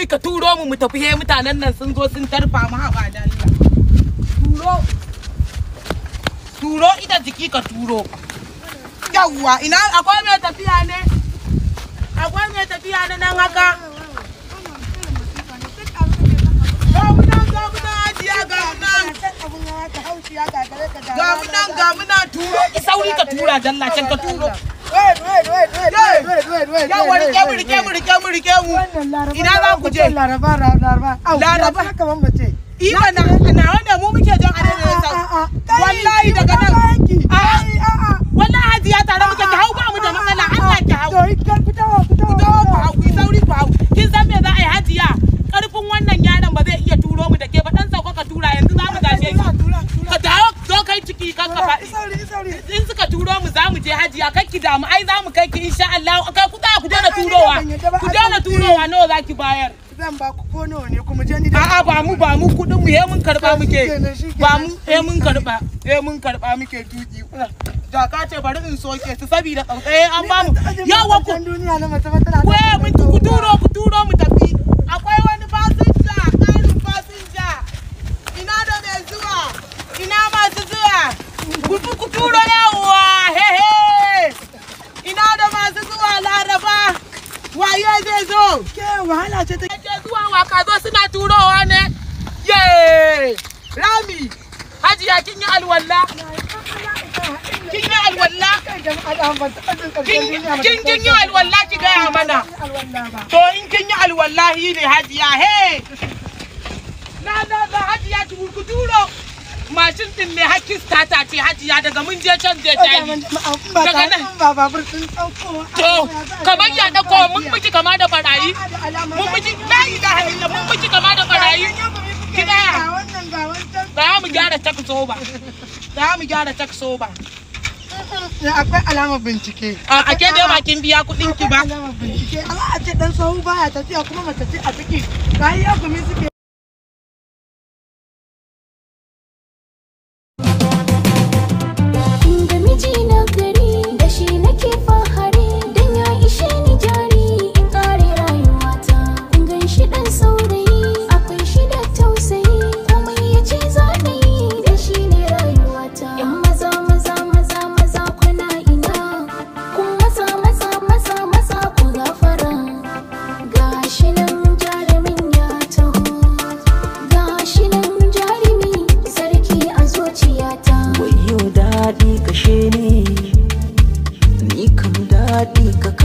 nauyi ka turo mu mu tafi he mutanen nan sun zo sun tarfa mu haba da Allah turo turo ita jiki ka turo yawwa ina akwai mai tafiya ne akwai mai tafiya ne nan haka ga munan turo ki sauri ka tura dalla can ka turo yawa rike mu rike mu rike mu ina za daidai laraba laraba laraba kamar mace iba na na wanda mu muke don a daidai sa wallahi daga nan wallahi hajiya tare muke ki hau ba mu da matsala Allah ki hau to kan fitawa fitawa fitawa ku hau sauri ku hau kin san me za a yi hajiya karfin wannan yaron ba zai iya turo mu da ke ba dan sauka ka tura yanzu za mu gafe ki ka dawo zo kai ciki kan ka faɗi in suka turo mu za mu je hajiya kai ki damu ai za mu kai ki insha Allah kai ku za ku daina turowa ku daina turowa eh. nawa za ki bayar zan ba ku ko nawa ne kuma je ni a'a ba mu ba mu kudin mu mun karba muke ba mu he mun karba mun karba muke tuki da ka ce bari in soke su saboda tsautsaye eh, an ba mu yawa ku duniya na ku mun ku turo ku turo mu tafi akwai wani fasinja karin fasinja ina da me zuwa ina masu zuwa ku ku turo yawa he he ina da masu zuwa laraba waye zai zo ke wahala ce mawaka zo suna turowa ne ye rami hajiya kin yi alwalla kin yi alwalla kin kin yi alwalla ki gaya mana to in kin yi alwalla yi ne hajiya he na na na hajiya ki ku turo mashin din ne hakkin stata ce hajiya daga mun je can je tani daga nan to kamar ya dauko mun miki kama da barayi gyara tax soba. za mu gyara soba. over eh, akwai alama bincike a ke bai bakin biya kudin ki ba akwai alama bincike Allah a ce dan sahu baya tafiya kuma mace ce a ciki kayi ya gumi suke kashe ni ni kam daɗi ka